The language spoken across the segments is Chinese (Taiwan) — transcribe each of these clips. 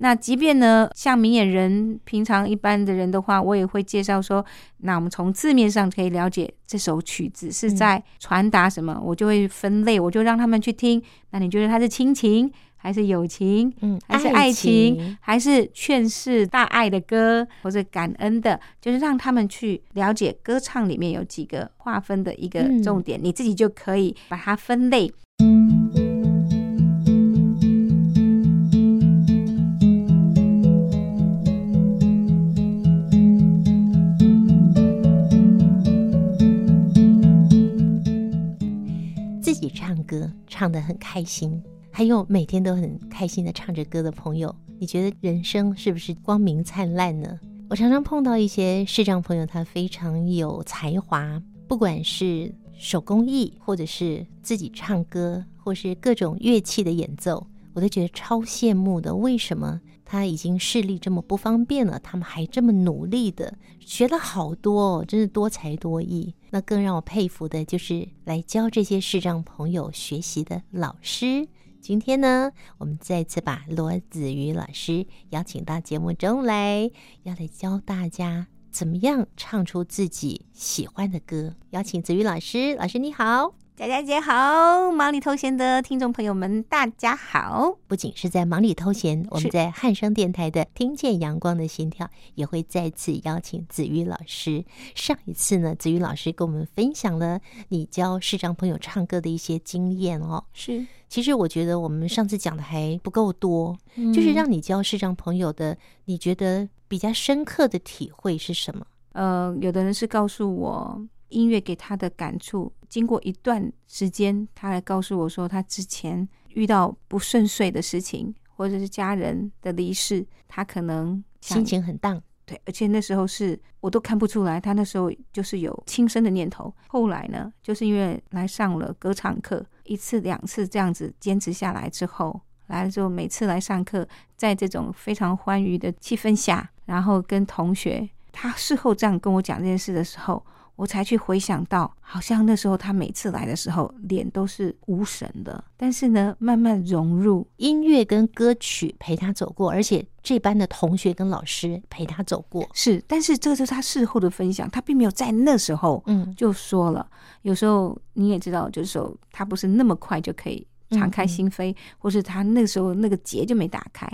那即便呢，像明眼人，平常一般的人的話，我也會介紹說，那我們從字面上可以了解這首曲子是在傳達什麼，我就會分類，我就讓他們去聽。那你覺得它是親情，還是友情，嗯，還是愛情，還是勸世大愛的歌，或者感恩的？就是讓他們去了解歌唱裡面有幾個劃分的一個重點，你自己就可以把它分類。歌唱得很開心，還有每天都很開心的唱着歌的朋友，你覺得人生是不是光明燦爛呢？我常常碰到一些視障朋友，他非常有才華，不管是手工藝，或者是自己唱歌，或是各種樂器的演奏，我都覺得超羨慕的。為什麼？他已經視力這麼不方便了，他們還這麼努力的學了好多哦，真是多才多藝。那更讓我佩服的就是來教這些視障朋友學習的老師。今天呢，我們再次把羅紫瑜老師邀請到節目中來，要來教大家。怎麼樣唱出自己喜歡的歌？邀請紫瑜老師。老師你好。佳佳姐好，忙裡偷閒的聽眾朋友們大家好。不僅是在忙裡偷閒，是我們在漢聲電台的《聽見陽光的心跳》也會再次邀請紫瑜老師。上一次呢，紫瑜老師跟我們分享了你教視障朋友唱歌的一些經驗哦。是，其實我覺得我們上次講的還不夠多，嗯、就是讓你教視障朋友的，你覺得？比較深刻的體會是什麼？呃，有的人是告訴我，音樂給他的感觸，經過一段時間，他還告訴我說，他之前遇到不順遂的事情，或者是家人的離世，他可能心情很蕩。對，而且那時候是我都看不出來，他那時候就是有輕生的念頭。後來呢，就是因為來上了歌唱課，一次兩次這樣子堅持下來之後。來的時候，每次來上課，在這種非常歡愉的氣氛下，然後跟同學，他事後這樣跟我講這件事的時候，我才去回想到，好像那時候他每次來的時候，臉都是無神的。但是呢，慢慢融入音樂跟歌曲陪他走過，而且這班的同學跟老師陪他走過。是，但是這就是他事後的分享，他並沒有在那時候，嗯，就說了。嗯。有時候你也知道，就是說他不是那麼快就可以。敞開心扉，或是他那個時候那個結就沒打開，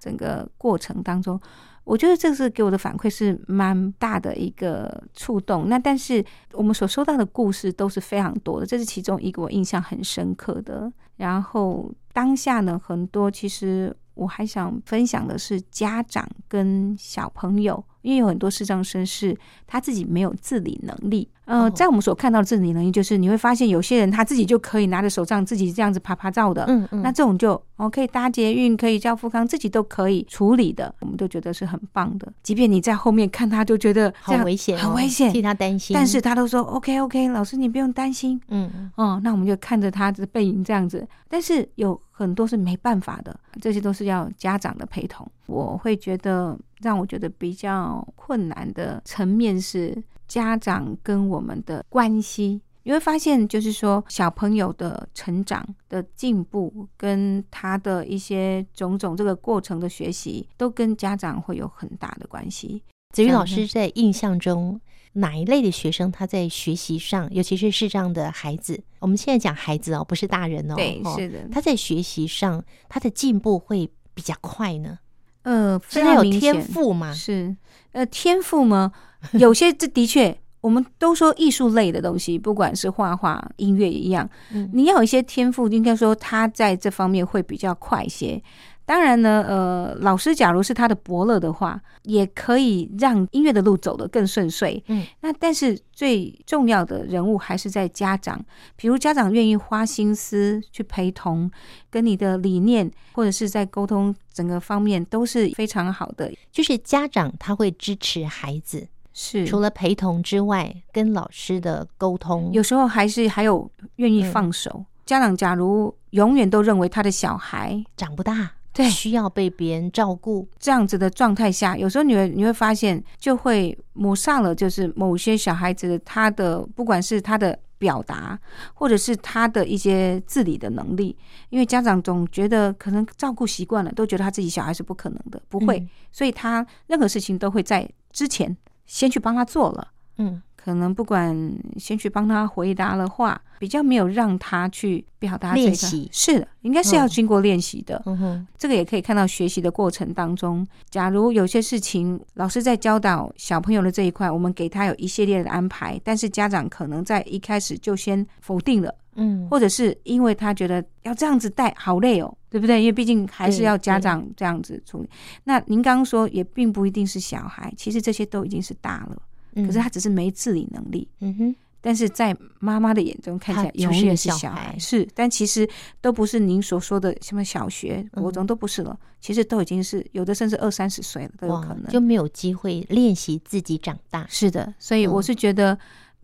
整個過程當中，我覺得這是給我的反饋是蠻大的一個觸動。那但是我們所收到的故事都是非常多的，這是其中一個我印象很深刻的。然後當下呢，很多其實我還想分享的是家長跟小朋友，因為有很多視障生是他自己沒有自理能力。嗯、呃，在我們所看到的自理能力，就是你會發現有些人他自己就可以拿着手杖自己這樣子啪啪照的。嗯嗯。嗯，那這種就 OK，哦，可以搭捷運，可以叫富康，自己都可以處理的，我們都覺得是很棒的。即便你在後面看，他就覺得這好危險，哦，很危險，替他擔心。但是他都說 OK OK，老師你不用擔心。嗯。哦，那我們就看着他的背影這樣子，但是有很多是沒辦法的，這些都是要家長的陪同。我會覺得讓我覺得比較困難的層面是。家長跟我們的關係，你會發現，就是說，小朋友的成長的進步，跟他的一些種種這個過程的學習，都跟家長會有很大的關係。紫瑜老師在印象中，嗯、哪一類的學生他在學習上，嗯、尤其是這樣的孩子，我們現在講孩子哦，不是大人哦，對，是的、哦，他在學習上，他的進步會比較快呢？呃，現在有天賦嗎？是，呃，天賦嗎？ 有些這的確，我們都說藝術類的東西，不管是畫畫、音樂一樣，你要有一些天賦，應該說他在這方面會比較快一些。當然呢，呃，老師假如是他的伯樂的話，也可以讓音樂的路走得更順遂。嗯，那但是最重要的人物還是在家長，比如家長願意花心思去陪同、跟你的理念或者是在溝通整個方面都是非常好的。就是家長他會支持孩子。是，除了陪同之外，跟老師的溝通、嗯，有時候還是還有願意放手。嗯、家長假如永遠都認為他的小孩長不大，對，需要被別人照顧，這樣子的狀態下，有時候你會你會發現，就會抹殺了就是某些小孩子他的不管是他的表達，或者是他的一些自理的能力，因為家長總覺得可能照顧習慣了，都覺得他自己小孩是不可能的，不會，嗯、所以他任何事情都會在之前。先去幫他做了，嗯，可能不管先去幫他回答的話，比較沒有讓他去表達練習，習是的，應該是要經過練習的。嗯哼，這個也可以看到學習的過程當中，嗯哼，假如有些事情老師在教導小朋友的這一塊，我們給他有一系列的安排，但是家長可能在一開始就先否定了，嗯，或者是因為他覺得要這樣子帶好累哦。對不對？因為畢竟還是要家長這樣子處理。對對，那您剛剛說也並不一定是小孩，其實這些都已經是大了，嗯、可是他只是沒自理能力。嗯哼。但是在媽媽的眼中看起來永遠是小孩，是，小孩是。但其實都不是您所說的什麼小學、國、嗯、中都不是了，其實都已經是有的，甚至二三十歲了都有可能，就沒有機會練習自己長大。是的，嗯、所以我是覺得，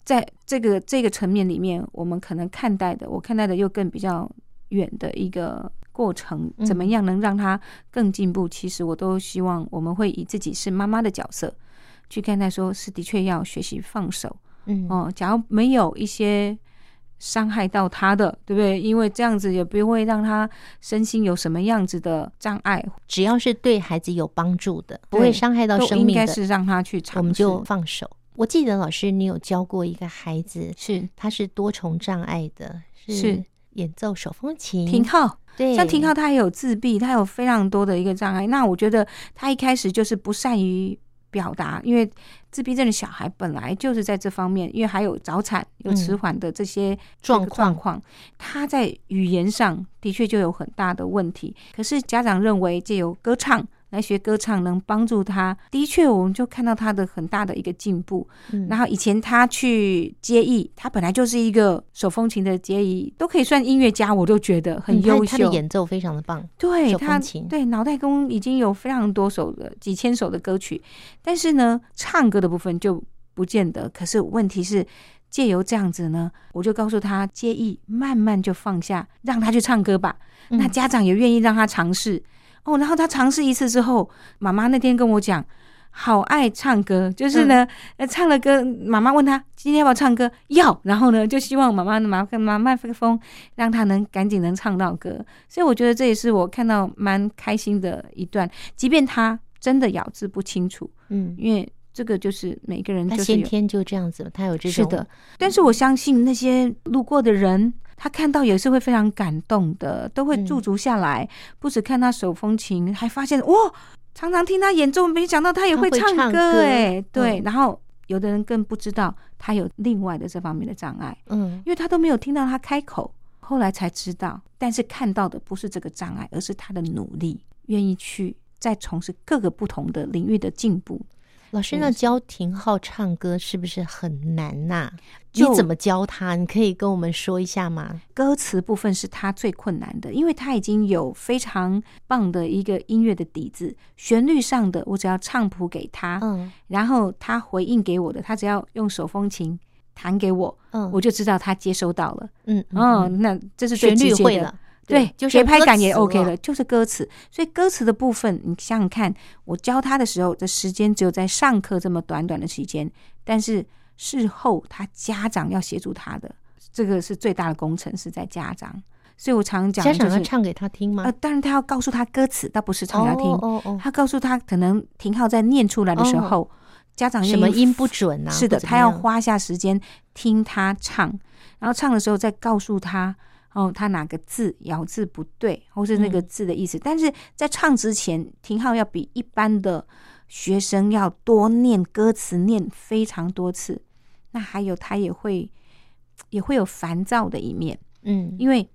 在這個這個層面裡面，我們可能看待的，我看待的又更比較遠的一個。過程怎麼樣能讓他更進步？嗯、其實我都希望我們會以自己是媽媽的角色去看待說，是的確要學習放手。嗯，哦、呃，假如沒有一些傷害到他的，對不對？因為這樣子也不會讓他身心有什麼樣子的障礙。只要是對孩子有幫助的，對不會傷害到生命的，應該是讓他去嘗試放手。我記得老師，你有教過一個孩子，是他是多重障礙的，是。是演奏手風琴，廷浩後，對，像廷浩，他也有自閉，他有非常多的一個障礙。那我覺得他一開始就是不善於表達，因為自閉症的小孩本來就是在這方面，因為還有早產、有遲緩的這些這狀況，嗯、狀況他在語言上的確就有很大的問題。可是家長認為借由歌唱。來學歌唱能幫助他，的確，我們就看到他的很大的一個進步。嗯、然後以前他去接藝，他本來就是一個手風琴的接藝，都可以算音樂家，我都覺得很優秀。嗯、他的演奏非常的棒，對，他對，腦袋工已經有非常多首的幾千首的歌曲，但是呢，唱歌的部分就不見得。可是問題是，借由這樣子呢，我就告訴他，接藝慢慢就放下，讓他去唱歌吧。那家長也願意讓他嘗試。嗯哦，然後他嘗試一次之後，媽媽那天跟我講，好愛唱歌，就是呢，嗯、唱了歌，媽媽問他今天要不要唱歌，要，然後呢，就希望媽媽的媽媽麥克風，讓他能趕緊能唱到歌，所以我覺得這也是我看到蠻開心的一段，即便他真的咬字不清楚，嗯，因為這個就是每個人就是他先天就這樣子，他有這種是的，但是我相信那些路過的人。他看到也是會非常感動的，都會駐足下來，嗯、不止看他手風琴，還發現哇，常常聽他演奏，沒想到他也會唱歌，哎，對。嗯、然後有的人更不知道他有另外的這方面的障礙，嗯，因為他都沒有聽到他開口，後來才知道。但是看到的不是這個障礙，而是他的努力，願意去再從事各個不同的領域的進步。老師，嗯、那教廷浩唱歌是不是很難吶、啊？你怎麼教他？你可以跟我們說一下嗎？歌詞部分是他最困難的，因為他已經有非常棒的一個音樂的底子，旋律上的我只要唱譜給他，然後他回應給我的，他只要用手風琴彈給我，我就知道他接收到了，嗯，嗯，嗯，嗯哦，那這是旋律會了，對，節拍感也 OK 了，就，就是歌詞。所以歌詞的部分，你想想看，我教他的時候，這時間只有在上課這麼短短的時間，但是。事後，他家長要協助他的，這個是最大的工程是在家長，所以我常講、就是、家長要唱給他聽嗎？呃，當然他要告訴他歌詞，倒不是唱給他聽。哦哦、oh, oh, oh. 他告訴他，可能廷浩在念出來的時候，oh, 家長什麼音不準啊？是的，他要花下時間聽他唱，然後唱的時候再告訴他，哦、呃，他哪個字咬字不對，或是那個字的意思。嗯、但是在唱之前，廷浩要比一般的學生要多念歌詞，念非常多次。那還有他也會，也會有煩躁的一面，嗯，因為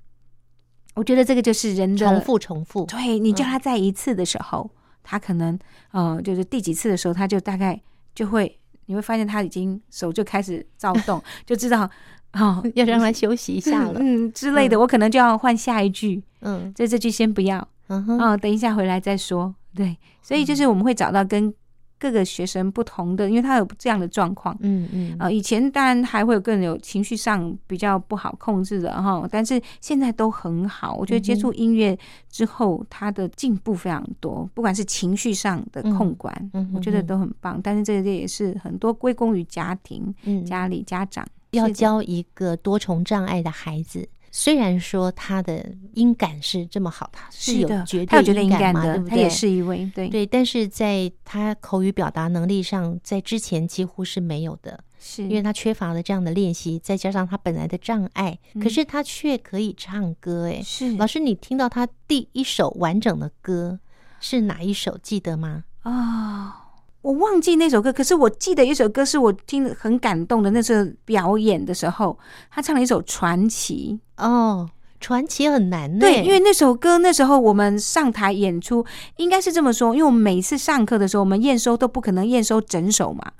我覺得這個就是人的重複重複，對你叫他再一次的時候，嗯、他可能，嗯、呃、就是第幾次的時候，他就大概就會，你會發現他已經手就開始躁動， 就知道，哦、啊，要讓他休息一下了，嗯，嗯之類的，嗯、我可能就要換下一句，嗯，這這句先不要，嗯哼、啊，等一下回來再說，對，所以就是我們會找到跟。各個學生不同的，因為他有這樣的狀況，嗯嗯，啊、嗯呃，以前當然還會有更有情緒上比較不好控制的哈，但是現在都很好。我覺得接觸音樂之後，他的進步非常多，嗯、不管是情緒上的控管，嗯、我覺得都很棒。嗯嗯、但是這個也是很多歸功於家庭、嗯、家裡家長要教一個多重障礙的孩子。雖然說他的音感是這麼好，他是有，有絕對音感的，對不對？他也是一位，對對。但是在他口語表達能力上，在之前幾乎是沒有的，是因為他缺乏了這樣的練習，再加上他本來的障礙，嗯、可是他卻可以唱歌。哎是，是老師，你聽到他第一首完整的歌是哪一首？記得嗎？哦。我忘記那首歌，可是我記得一首歌，是我聽很感動的。那時候表演的時候，他唱了一首《傳奇》。哦，《傳奇》很難的。對，因為那首歌那時候我們上台演出應該是這麼說，因為我們每次上課的時候，我們驗收都不可能驗收整首嘛。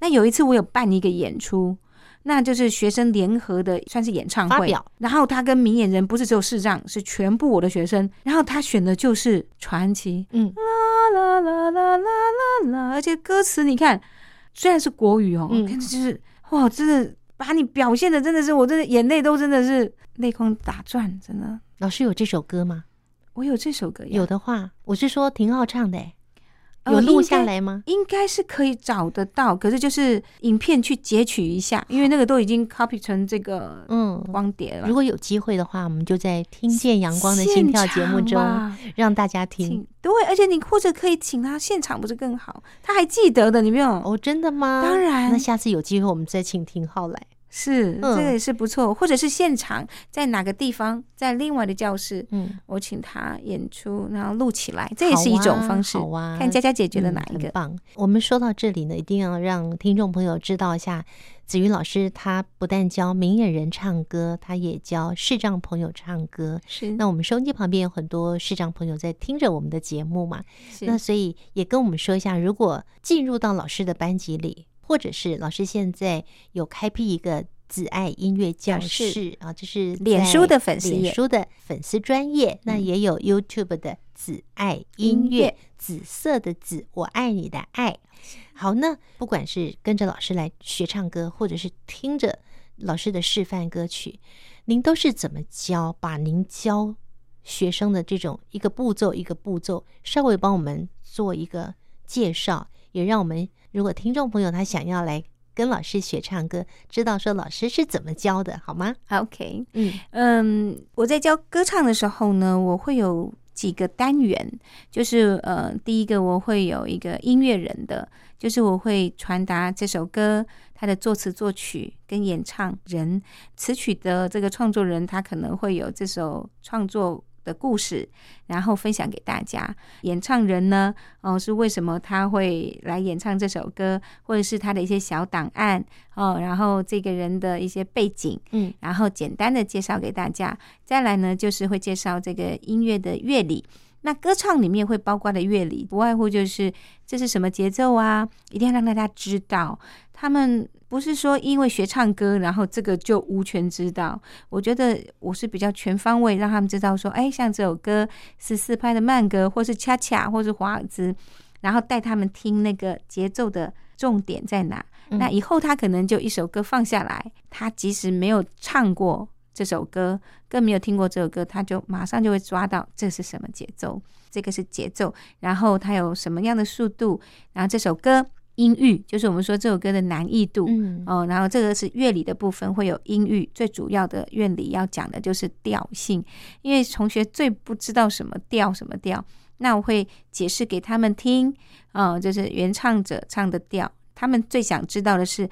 那有一次我有辦一個演出。那就是學生聯合的算是演唱會，發表。然後他跟明眼人不是只有視障，是全部我的學生，然後他選的就是傳奇，嗯，啦啦啦啦啦啦，啦，而且歌詞你看，雖然是國語哦，嗯、但是就是哇，真的把你表現的真的是我，真的眼淚都真的是淚光打轉，真的。老師有這首歌嗎？我有這首歌，有的話，我是說挺好唱的。哦、有錄下來嗎？應該是可以找得到，可是就是影片去截取一下，好因為那個都已經 copy 成這個嗯光碟了。嗯、如果有機會的話，我們就在《聽見陽光的心跳》節目中讓大家聽。請，對，而且你或者可以請他現場，不是更好？他還記得的，你沒有？哦，真的嗎？當然。那下次有機會，我們再請廷浩來。是，嗯、這個也是不錯，或者是現場在哪個地方，在另外的教室，嗯，我請他演出，然後錄起來，這也是一種方式。好哇，啊，好啊，看佳佳姐覺得哪一個？嗯，棒。我們說到這裡呢，一定要讓聽眾朋友知道一下，紫瑜老師他不但教明眼人唱歌，他也教視障朋友唱歌。是，那我們收音機旁邊有很多視障朋友在聽着我們的節目嘛？是，那所以也跟我們說一下，如果進入到老師的班級裡，或者是老師現在有開闢一個“紫愛音樂教室”師啊，就是臉書的粉絲臉書的粉絲專頁。嗯、那也有 YouTube 的“紫愛音樂”，音樂紫色的“紫”，我愛你的“愛”好呢。好，那不管是跟着老師來學唱歌，或者是聽着老師的示範歌曲，您都是怎麼教？把您教學生的這種一個步驟一個步驟，稍微幫我們做一個介紹。也讓我們，如果聽眾朋友他想要來跟老師學唱歌，知道說老師是怎麼教的，好嗎？OK，嗯，嗯，我在教歌唱的時候呢，我會有幾個單元，就是呃，第一個我會有一個音樂人的，就是我會傳達這首歌它的作詞作曲跟演唱人，詞曲的這個創作人，他可能會有這首創作的故事，然後分享給大家。演唱人呢，哦，是為什麼他會來演唱這首歌，或者是他的一些小檔案哦，然後這個人的一些背景，嗯，然後簡單的介紹給大家。嗯、再來呢，就是會介紹這個音樂的樂理。那歌唱裡面會包括的樂理，不外乎就是這是什麼節奏啊，一定要讓大家知道。他們不是說因為學唱歌，然後這個就無權知道。我覺得我是比較全方位讓他們知道說，說、欸、哎，像這首歌是四拍的慢歌，或是恰恰，或是華爾茲，然後帶他們聽那個節奏的重點在哪。嗯、那以後他可能就一首歌放下來，他即使沒有唱過。這首歌更沒有聽過這首歌，他就馬上就會抓到這是什麼節奏，這個是節奏，然後它有什麼樣的速度，然後這首歌音域就是我們說這首歌的難易度嗯、哦，然後這個是樂理的部分會有音域，最主要的樂理要講的就是調性，因為同學最不知道什麼調什麼調，那我會解釋給他們聽嗯、呃，就是原唱者唱的調，他們最想知道的是。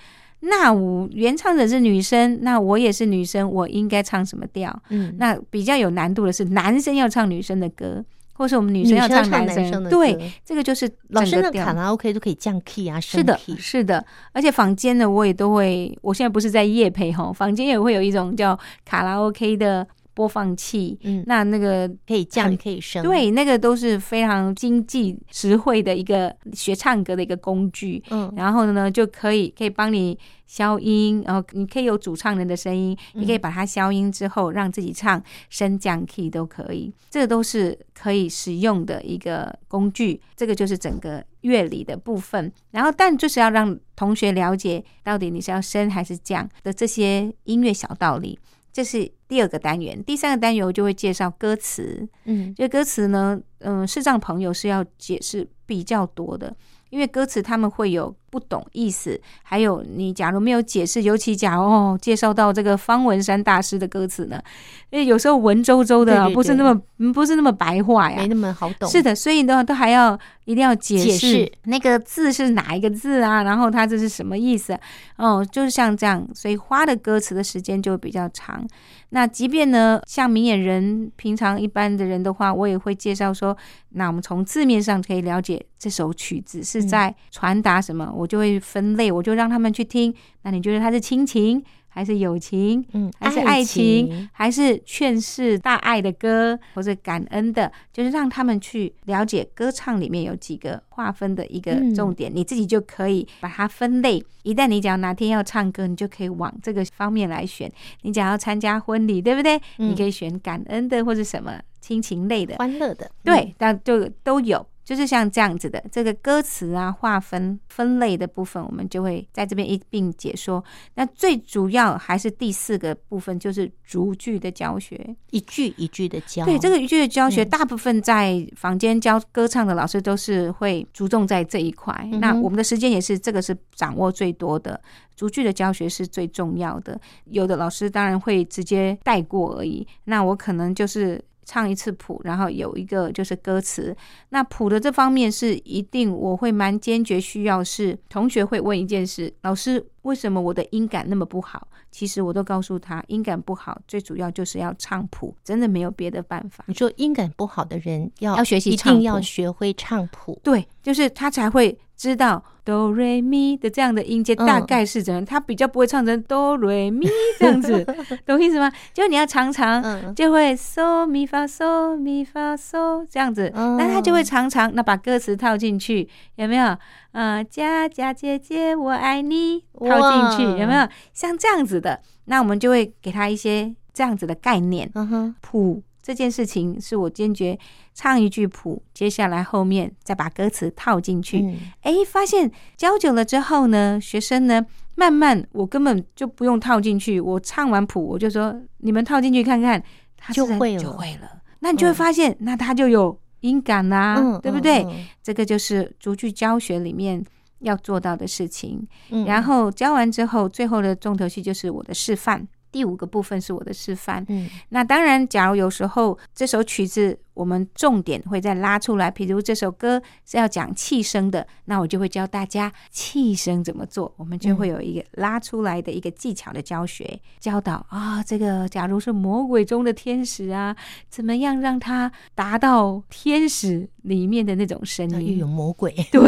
那我原唱者是女生，那我也是女生，我應該唱什麼調？嗯，那比較有難度的是男生要唱女生的歌，或是我們女生要唱男生的歌。對，這個就是整個調，老師的卡拉 OK 都可以降 key 啊，是的，升 key，是的。而且坊間的我也都會，我現在不是在業配哈，坊間也會有一種叫卡拉 OK 的。播放器，嗯，那那個可以降、嗯、可以升，對，那個都是非常經濟實惠的一個學唱歌的一個工具，嗯，然後呢就可以可以幫你消音，然後你可以有主唱人的聲音，嗯、你可以把它消音之後讓自己唱，升降 key 都可以，這個都是可以使用的一個工具，這個就是整個樂理的部分，然後但就是要讓同學了解到底你是要升還是降的這些音樂小道理。這是第二個單元，第三個單元我就會介紹歌詞。嗯哼，就歌詞呢，嗯，視障朋友是要解釋比較多的，因為歌詞他們會有。不懂意思，還有你假如沒有解釋，尤其假如哦介紹到這個方文山大師的歌詞呢，因為有時候文縐縐的、啊，對對對不是那麼、嗯、不是那麼白話呀，沒那麼好懂。是的，所以話都還要一定要解釋，解釋那個字是哪一個字啊，然後它這是什麼意思、啊？哦，就是像這樣，所以花的歌詞的時間就比較長。那即便呢，像明眼人，平常一般的人的話，我也會介紹說，那我們從字面上可以了解這首曲子是在傳達什麼。我、嗯。我就會分類，我就讓他們去聽。那你覺得他是親情還是友情？嗯，還是愛情，愛情還是勸世大愛的歌，或者感恩的？就是讓他們去了解歌唱裡面有幾個劃分的一個重點，嗯、你自己就可以把它分類。一旦你講哪天要唱歌，你就可以往這個方面來選。你講要參加婚禮，對不對？嗯、你可以選感恩的或者什麼。親情類的、歡樂的，對，但、嗯、就都有，就是像這樣子的這個歌詞啊，劃分分類的部分，我們就會在這邊一併解說。那最主要還是第四個部分，就是逐句的教學，一句一句的教。對，這個一句的教學，嗯、大部分在坊間教歌唱的老師都是會注重在這一塊。嗯哼，那我們的時間也是，這個是掌握最多的，逐句的教學是最重要的。有的老師當然會直接帶過而已。那我可能就是。唱一次譜，然後有一個就是歌詞。那譜的這方面是一定我會蠻堅決需要是，是同學會問一件事，老師。為什麼我的音感那麼不好？其實我都告訴他，音感不好最主要就是要唱譜，真的沒有別的辦法。你說音感不好的人要要學習，一定要學會唱譜。對，就是他才會知道哆瑞咪的這樣的音階、嗯、大概是怎樣。他比較不會唱成哆瑞咪這樣子， 懂什麼意思嗎？就你要常常就會嗦咪發嗦咪發嗦這樣子，哦、那他就會常常，那把歌詞套進去，有沒有？啊、嗯，佳佳姐，姐姐，我愛你，哦套進去有沒有像這樣子的？那我們就會給他一些這樣子的概念。嗯哼，譜這件事情是我堅決唱一句譜，接下來後面再把歌詞套進去。哎，發現教久了之後呢，學生呢慢慢我根本就不用套進去，我唱完譜我就說你們套進去看看，他就會了。會了，那你就會發現，那他就有音感啦，啊，對不對？這個就是逐句教學裡面。要做到的事情，嗯、然後教完之後，最後的重頭戲就是我的示範。第五個部分是我的示範。嗯，那當然，假如有時候這首曲子我們重點會再拉出來，譬如這首歌是要講氣聲的，那我就會教大家氣聲怎麼做。我們就會有一個拉出來的一個技巧的教學，嗯、教導啊、哦，這個假如是魔鬼中的天使啊，怎麼樣讓它達到天使，裡面的那種聲音、啊、又有魔鬼，對，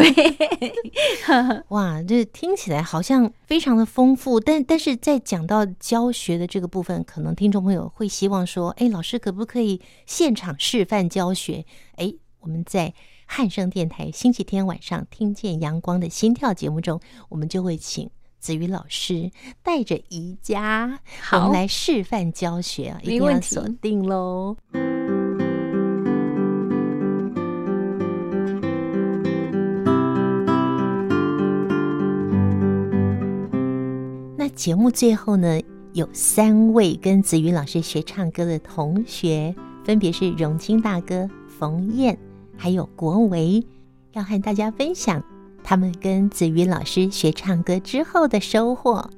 哇，這聽起來好像非常的豐富，但但是在講到教學的這個部分，可能聽眾朋友會希望說，哎、欸，老師可不可以現場示範教學？哎、欸，我們在漢聲電台星期天晚上聽見陽光的心跳節目中，我們就會請紫瑜老師帶着宜家，好，我們來示範教學，一定要鎖定嘍。節目最後呢，有三位跟紫瑜老師學唱歌的同學，分別是榮清大哥、馮燕，還有國維，要和大家分享他們跟紫瑜老師學唱歌之後的收穫。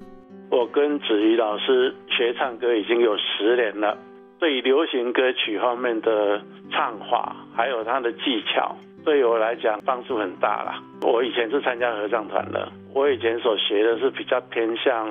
我跟紫瑜老師學唱歌已經有十年了，對流行歌曲方面的唱法，還有他的技巧。對我來講，幫助很大了。我以前是參加合唱團的，我以前所學的是比較偏向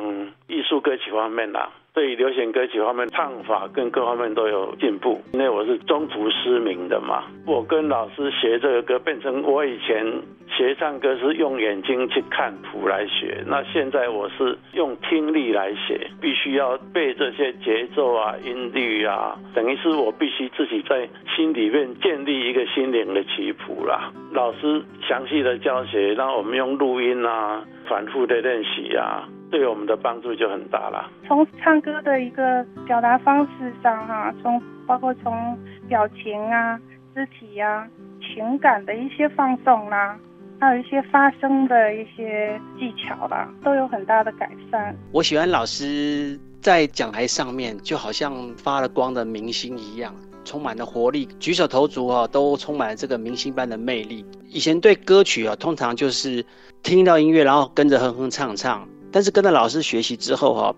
藝術歌曲方面的。對流行歌曲方面唱法跟各方面都有進步。因為我是中途失明的嘛，我跟老師學這個歌，變成我以前學唱歌是用眼睛去看譜來學，那現在我是用聽力來學，必須要背這些節奏啊、音律啊，等於是我必須自己在心裡面建立一個心靈的曲譜啦。老師詳細的教學，然後，我們用錄音啊，反覆的練習啊。對我們的幫助就很大了。從唱歌的一個表達方式上、啊，哈，從包括從表情啊、肢體呀、啊、情感的一些放鬆啦、啊，還有一些發聲的一些技巧啦、啊，都有很大的改善。我喜歡老師在講台上面，就好像發了光的明星一樣，充滿了活力，舉手投足啊，都充滿了這個明星般的魅力。以前對歌曲啊，通常就是聽到音樂，然後跟着哼哼唱唱。但是跟着老師學習之後哈，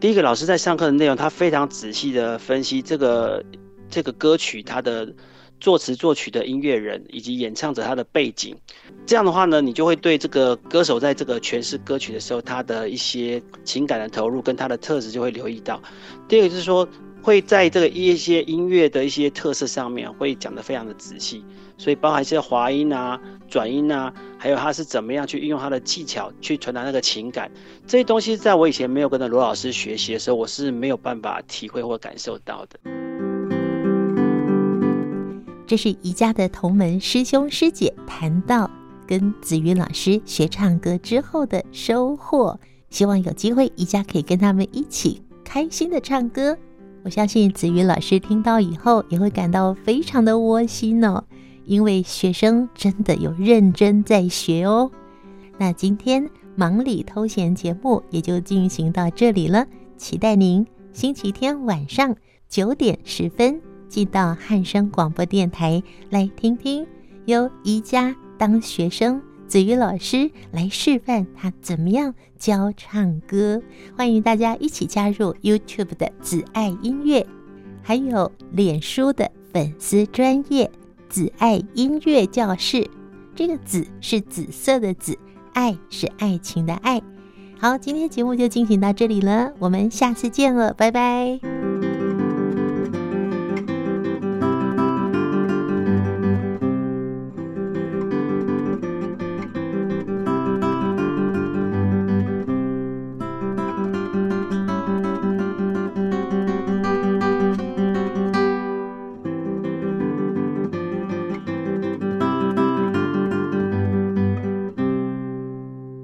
第一個老師在上課的內容，他非常仔細的分析這個這個歌曲，他的作詞作曲的音樂人以及演唱者他的背景，這樣的話呢，你就會對這個歌手在這個詮釋歌曲的時候，他的一些情感的投入跟他的特質就會留意到。第二個就是說。會在這個一些音樂的一些特色上面會講得非常的仔細，所以包含一些滑音啊、轉音啊，還有他是怎麼樣去運用他的技巧去傳達那個情感，這些東西在我以前沒有跟着羅老師學習的時候，我是沒有辦法體會或感受到的。這是宜家的同門師兄師姐談到跟紫瑜老師學唱歌之後的收穫，希望有機會宜家可以跟他們一起開心的唱歌。我相信紫瑜老師聽到以後也會感到非常的窩心哦，因為學生真的有認真在學哦。那今天忙裡偷閒節目也就進行到這裡了，期待您星期天晚上九點十分進到漢聲廣播電台來聽聽，由宜家當學生紫瑜老師來示範他怎麼樣。教唱歌，歡迎大家一起加入 YouTube 的紫愛音樂，還有臉書的粉絲專頁紫愛音樂教室。這個紫是紫色的紫，愛是愛情的愛。好，今天節目就進行到這裡了，我們下次見了，拜拜。